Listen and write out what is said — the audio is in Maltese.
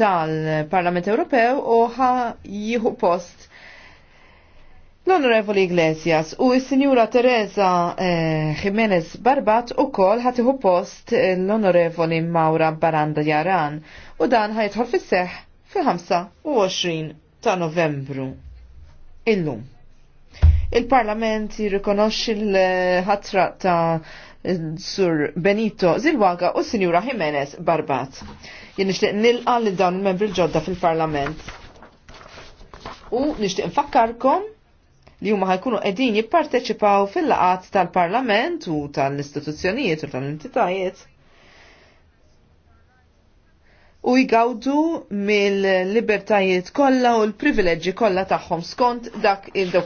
tal-Parlament Ewropew u ħa jieħu post l-Onorevoli Iglesias u s-Sinjura Teresa eh, Jimenez Barbat u kol ħatiħu post l-Onorevoli Maura Baranda Jaran u dan ħajtħol fis-seħ fil-25 ta' novembru illum. Il-Parlament jirrikonoxxi l-ħatra ta' Sur Benito Zilwaga u Sinjura Jimenez Barbat. Jien nixtieq nilqa li dawn il-membri ġodda fil-Parlament. U nixtieq nfakkarkom li huma ħajkunu qegħdin jipparteċipaw fil-laqat tal-Parlament u tal-istituzzjonijiet u tal-entitajiet u jgawdu mill-libertajiet kollha u l-privileġġi kollha tagħhom skont dak il-dokument.